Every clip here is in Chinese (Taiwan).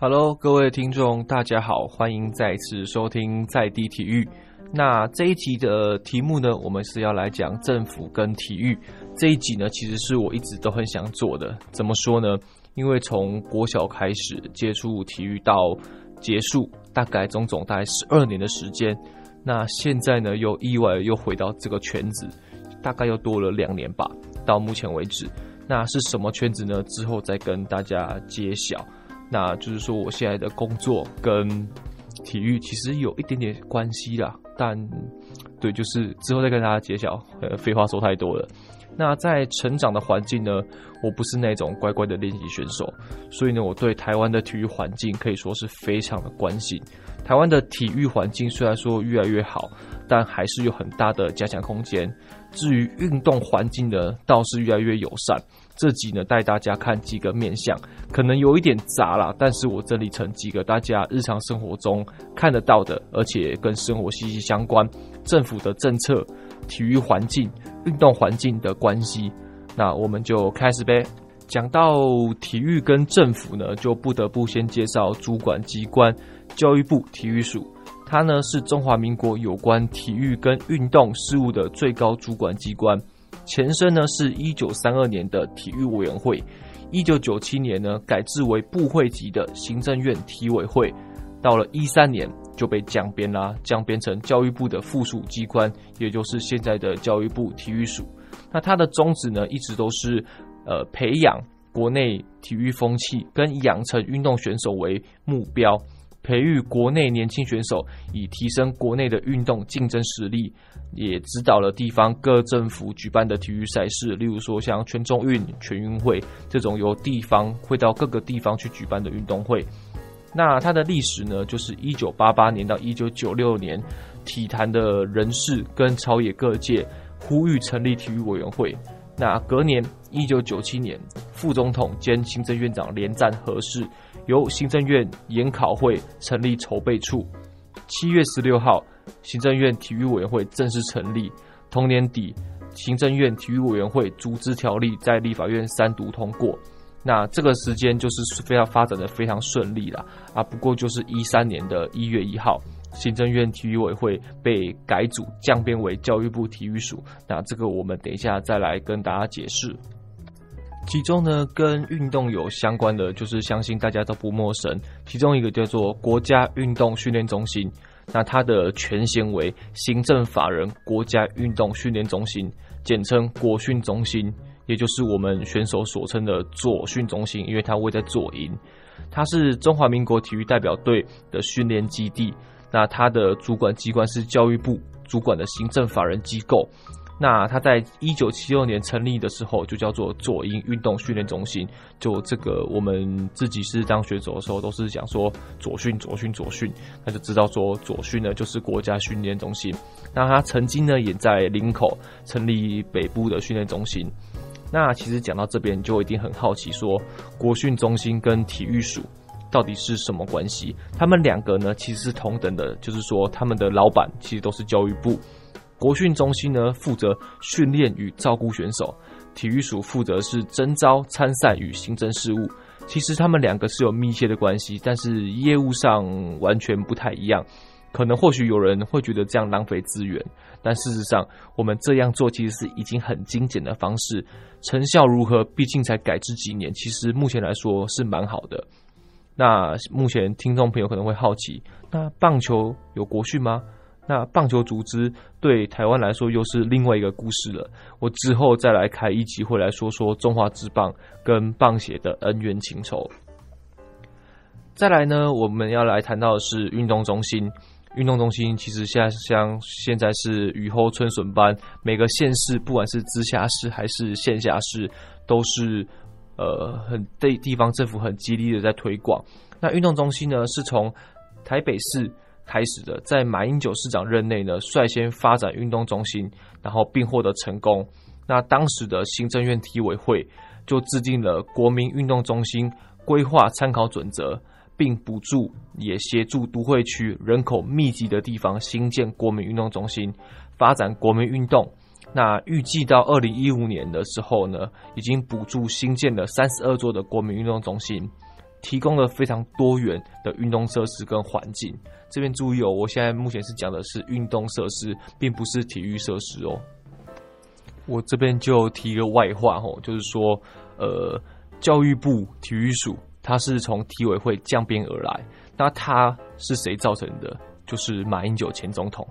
哈囉，各位聽眾，大家好，歡迎再次收聽在地體育。那這一集的題目呢，我們是要來講政府跟體育。這一集呢，其實是我一直都很想做的。怎麼說呢？因為從國小開始接觸體育到結束，大概總總大概十二年的時間。那現在呢，又意外又回到這個圈子，大概又多了兩年吧。到目前為止，那是什麼圈子呢？之後再跟大家揭曉。那就是說，我現在的工作跟體育其實有一點點關係啦。但，對，就是之後再跟大家揭曉。呃，廢話說太多了。那在成長的環境呢，我不是那種乖乖的練習選手，所以呢，我對台灣的體育環境可以說是非常的關心。台灣的體育環境雖然說越來越好。但還是有很大的加強空間。至於運動環境呢，倒是越來越友善。這集呢，帶大家看幾個面向，可能有一點雜啦，但是我整理成幾個大家日常生活中看得到的，而且跟生活息息相關。政府的政策、體育環境、運動環境的關係，那我們就開始唄。講到體育跟政府呢，就不得不先介紹主管機關——教育部體育署。它呢是中華民國有關體育跟運動事務的最高主管機關，前身呢是一九三二年的體育委員會，一九九七年呢改制為部會級的行政院體委會，到了一三年就被降編啦，降編成教育部的附屬機關，也就是現在的教育部體育署。那它的宗旨呢一直都是，呃，培養國內體育風氣跟養成運動選手為目標。培育國內年輕選手，以提升國內的運動競爭實力，也指導了地方各政府舉辦的體育賽事，例如說像全中運、全運會這種由地方會到各個地方去舉辦的運動會。那它的歷史呢，就是一九八八年到一九九六年，體壇的人士跟朝野各界呼籲成立體育委員會。那隔年。一九九七年，副總統兼行政院長連戰核示，由行政院研考會成立籌備處。七月十六號，行政院體育委員會正式成立。同年底，行政院體育委員會組織條例在立法院三讀通過。那這個時間就是非常發展的非常順利了啊。不過就是一三年的一月一號，行政院體育委會被改組降編為教育部體育署。那這個我們等一下再來跟大家解釋。其中呢，跟運動有相關的，就是相信大家都不陌生。其中一個叫做國家運動訓練中心，那它的全銜為行政法人國家運動訓練中心，簡稱國訓中心，也就是我們選手所稱的左訓中心，因為它位在左營，它是中華民國體育代表隊的訓練基地。那它的主管機關是教育部主管的行政法人機構。那他在一九七六年成立的時候就叫做左營運動訓練中心，就這個我們自己是當選手的時候都是講說左訓左訓左訓，那就知道說左訓呢就是國家訓練中心。那他曾經呢也在林口成立北部的訓練中心。那其實講到這邊你就一定很好奇說，國訓中心跟體育署到底是什麼關係？他們兩個呢其實是同等的，就是說他們的老板其實都是教育部。國訓中心呢，負責訓練與照顧選手；體育署負責是徵召、參賽與行政事務。其實他們兩個是有密切的關係，但是業務上完全不太一樣。可能或許有人會覺得這樣浪費資源，但事實上，我們這樣做其實是已經很精簡的方式。成效如何？畢竟才改制幾年，其實目前來說是蠻好的。那目前聽眾朋友可能會好奇，那棒球有國訓嗎？那棒球組織對台灣來說又是另外一個故事了。我之後再來開一集，會來說說中華職棒跟棒協的恩怨情仇。再來呢，我們要來談到的是運動中心。運動中心其實現在像現在是雨後春筍般，每個縣市不管是直轄市還是縣轄市，都是呃很對地方政府很極力的在推廣。那運動中心呢，是從台北市。開始的，在馬英九市長任內呢，率先發展運動中心，然後並獲得成功。那當時的行政院體委會就制定了國民運動中心規劃參考準則，並補助也協助都會區人口密集的地方新建國民運動中心，發展國民運動。那預計到二零一五年的時候呢，已經補助新建了三十二座的國民運動中心。提供了非常多元的運動設施跟環境。這邊注意哦，我現在目前是講的是運動設施，並不是體育設施哦。我這邊就提一個外話吼、哦，就是說，呃，教育部體育署它是從體委會降編而來，那它是誰造成的？就是馬英九前總統。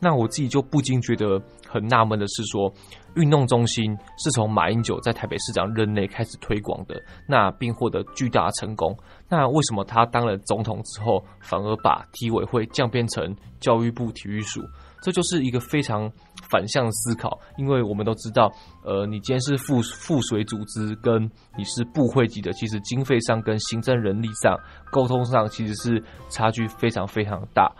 那我自己就不禁覺得很納悶的是說，說運動中心是從馬英九在台北市長任內開始推廣的，那並獲得巨大成功。那為什麼他當了總統之後，反而把體委會降變成教育部體育署？這就是一個非常反向的思考。因為我們都知道，呃，你今天是附附屬組織跟你是部會級的，其實經費上跟行政人力上、溝通上，其實是差距非常非常大。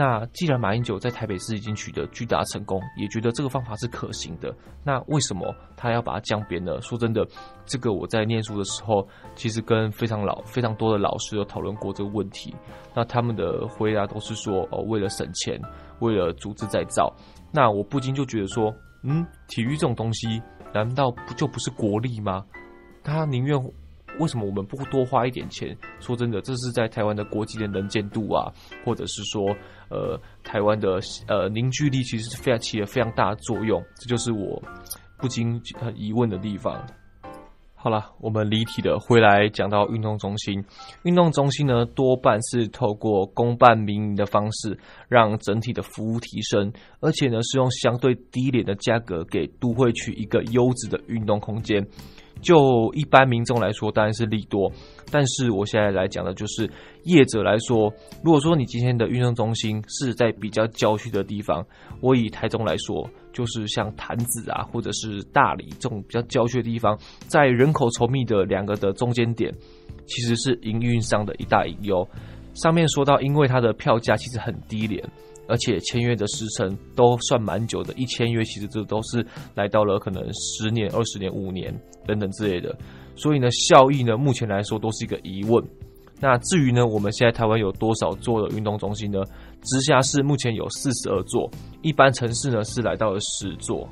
那既然馬英九在台北市已經取得巨大成功，也覺得這個方法是可行的，那為什麼他要把他降編呢？說真的，這個我在念書的時候，其實跟非常老、非常多的老師有討論過這個問題。那他們的回答都是說：哦、呃，為了省錢，為了組織再造。那我不禁就覺得說，嗯，體育這種東西，難道不就不是國力嗎？他寧願。為什麼我們不多花一點錢？說真的，這是在台灣的國際的能見度啊，或者是說，呃，台灣的呃凝聚力，其實是非常起了非常大的作用。這就是我不禁很疑問的地方。好了，我們離題的回來講到運動中心，運動中心呢多半是透過公辦民營的方式，讓整體的服務提升，而且呢是用相對低廉的價格給都會區一個優質的運動空間。就一般民眾來說，當然是利多。但是我現在來講的，就是業者來說，如果說你今天的運動中心是在比較郊區的地方，我以台中來說，就是像潭子啊，或者是大里這種比較郊區的地方，在人口稠密的兩個的中間點，其實是營運上的一大隱憂。上面說到，因為它的票價其實很低廉。而且簽約的時程都算蠻久的，一簽約其實這都是來到了可能十年、二十年、五年等等之類的，所以呢，效益呢，目前來說都是一個疑問。那至於呢，我們現在台灣有多少座的運動中心呢？直轄市目前有四十二座，一般城市呢是來到了十座。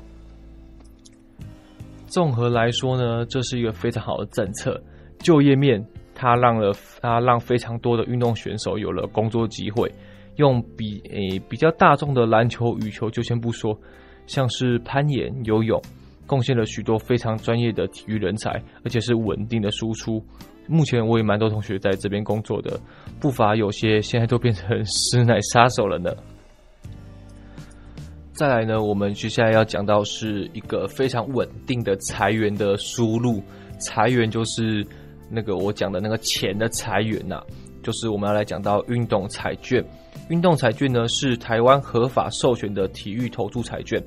綜合來說呢，這是一個非常好的政策，就業面它讓了它讓非常多的運動選手有了工作機會。用比誒比較大眾的籃球、羽球就先不說，像是攀岩、游泳，貢獻了許多非常專業的體育人才，而且是穩定的輸出。目前我也蠻多同學在這邊工作的，不乏有些現在都變成師奶殺手了呢。再來呢，我們接下來要講到是一個非常穩定的財源的輸入，財源就是那個我講的那個錢的財源吶、啊，就是我們要來講到運動彩券。運動彩券呢，是台灣合法授權的體育投注彩券，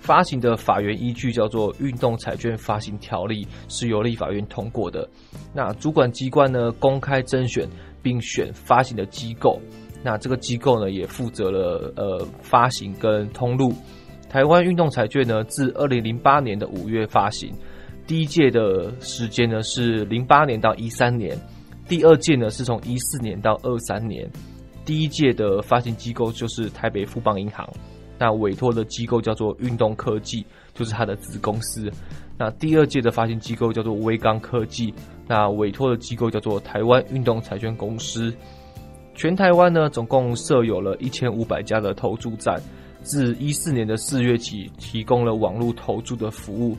發行的法源依據叫做《運動彩券發行條例》，是由立法院通過的。那主管機關呢，公開徵選並選發行的機構，那這個機構呢也負責了呃發行跟通路。台灣運動彩券呢，自二零零八年的五月發行，第一屆的時間呢是零八年到一三年，第二屆呢是從一四年到二三年。第一屆的發行機構就是台北富邦銀行，那委托的機構叫做運動科技，就是它的子公司。那第二屆的發行機構叫做威剛科技，那委托的機構叫做台灣運動彩券公司。全台灣呢，總共設有了一千五百家的投注站，自一四年的四月起提供了網絡投注的服務。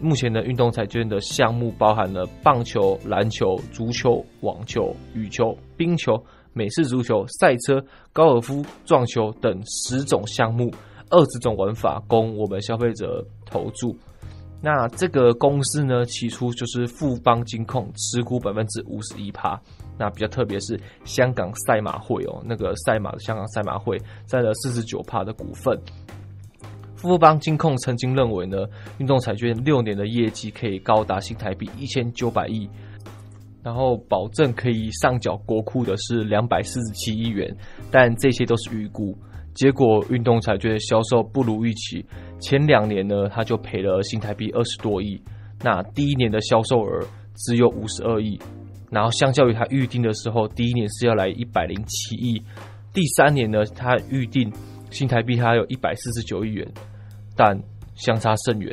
目前的運動彩券的項目包含了棒球、籃球、足球、網球、羽球、冰球。美式足球、賽車、高爾夫、撞球等十種項目，二十種玩法供我們消費者投注。那這個公司呢，起初就是富邦金控持股百分之五十一趴。那比較特別是香港賽馬會哦、喔，那個賽馬的香港賽馬會佔了四十九趴的股份。富邦金控曾經認為呢，運動彩券六年的業績可以高達新台幣一千九百億。然後保證可以上繳國庫的是兩百四十七億元，但這些都是預估。結果運動彩券銷售不如預期，前兩年呢，他就賠了新台幣二十多億。那第一年的銷售額只有五十二億，然後相較於他預定的時候，第一年是要來一百零七億，第三年呢，他預定新台幣他有一百四十九億元，但相差甚遠。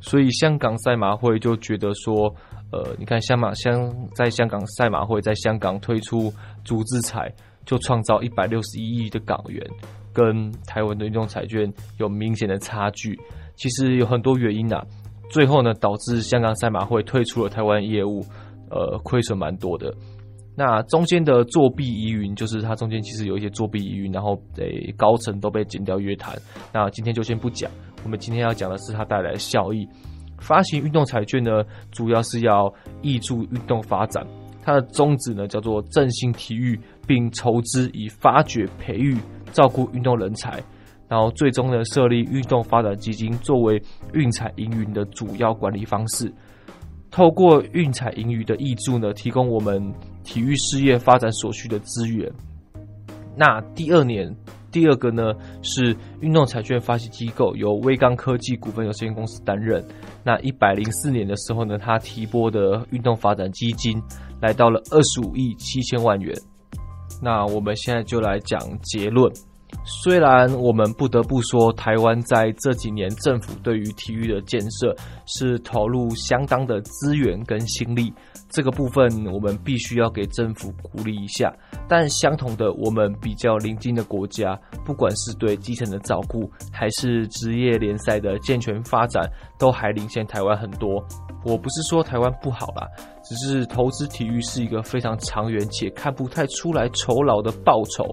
所以香港賽馬會就覺得說。呃，你看，香香在香港賽馬會，在香港推出足智彩，就創造一百六十一億的港元，跟台灣的運動彩券有明顯的差距。其實有很多原因啊，最後呢，導致香港賽馬會退出了台灣業務，呃，虧損蠻多的。那中間的作弊疑雲，就是它中間其實有一些作弊疑雲，然後得高層都被檢調約談。那今天就先不講，我們今天要講的是它帶來的效益。發行運動彩券呢，主要是要挹注運動發展，它的宗旨呢叫做振興體育，並籌資以發掘、培育、照顧運動人才，然後最終呢設立運動發展基金，作為運彩盈餘的主要管理方式。透過運彩盈餘的挹注呢，提供我們體育事業發展所需的資源。那第二年。第二個呢是運動彩券發行機構由威剛科技股份有限公司擔任。那一百零四年的時候呢，他提撥的運動發展基金來到了二十五億七千萬元。那我們現在就來講結論。雖然我們不得不說，台灣在這幾年政府對於體育的建設是投入相當的資源跟心力，這個部分我們必須要給政府鼓勵一下。但相同的，我們比較鄰近的國家，不管是對基層的照顧，還是職業聯賽的健全發展，都還領先台灣很多。我不是說台灣不好啦，只是投資體育是一個非常長遠且看不太出來酬勞的報酬。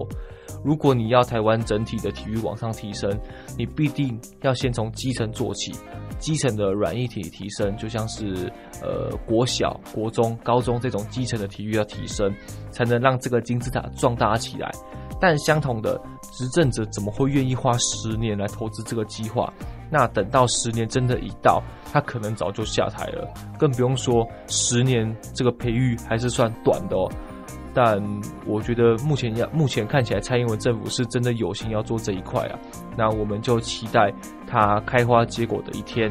如果你要台灣整體的體育往上提升，你必定要先從基層做起。基層的軟硬體提升，就像是呃國小、國中、高中這種基層的體育要提升，才能讓這個金字塔壯大起來。但相同的，執政者怎麼會願意花十年來投資這個計劃？那等到十年真的一到，他可能早就下台了，更不用說十年這個培育還是算短的哦。但我覺得目前要目前看起來，蔡英文政府是真的有心要做這一塊啊。那我們就期待它開花結果的一天。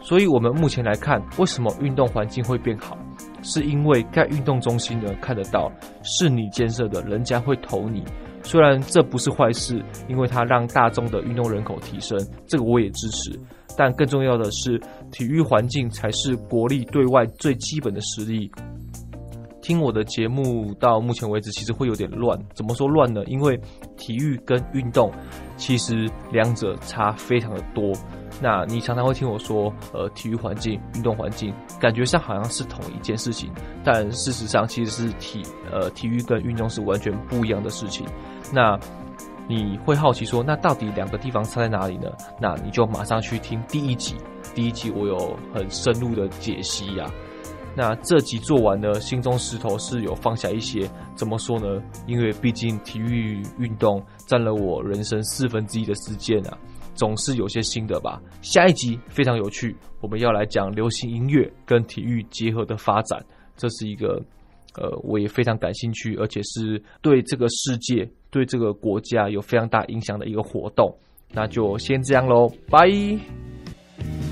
所以，我們目前來看，為什麼運動環境會變好？是因為蓋運動中心呢，看得到，是你建設的，人家會投你。雖然這不是壞事，因為它讓大眾的運動人口提升，這個我也支持。但更重要的是，體育環境才是國力對外最基本的實力。聽我的節目到目前為止，其實會有點亂。怎麼說亂呢？因為體育跟運動其實兩者差非常的多。那你常常會聽我說，呃，體育環境、運動環境，感覺上好像是同一件事情，但事實上其實是體，呃，體育跟運動是完全不一樣的事情。那你會好奇說，那到底兩個地方差在哪裡呢？那你就馬上去聽第一集，第一集我有很深入的解析呀、啊。那這集做完呢，心中石頭是有放下一些，怎麼說呢？因為畢竟體育運動占了我人生四分之一的時間啊，總是有些心得吧。下一集非常有趣，我們要來講流行音樂跟體育結合的發展，這是一個，呃，我也非常感興趣，而且是對這個世界、對這個國家有非常大影響的一個活動。那就先這樣嘍，拜。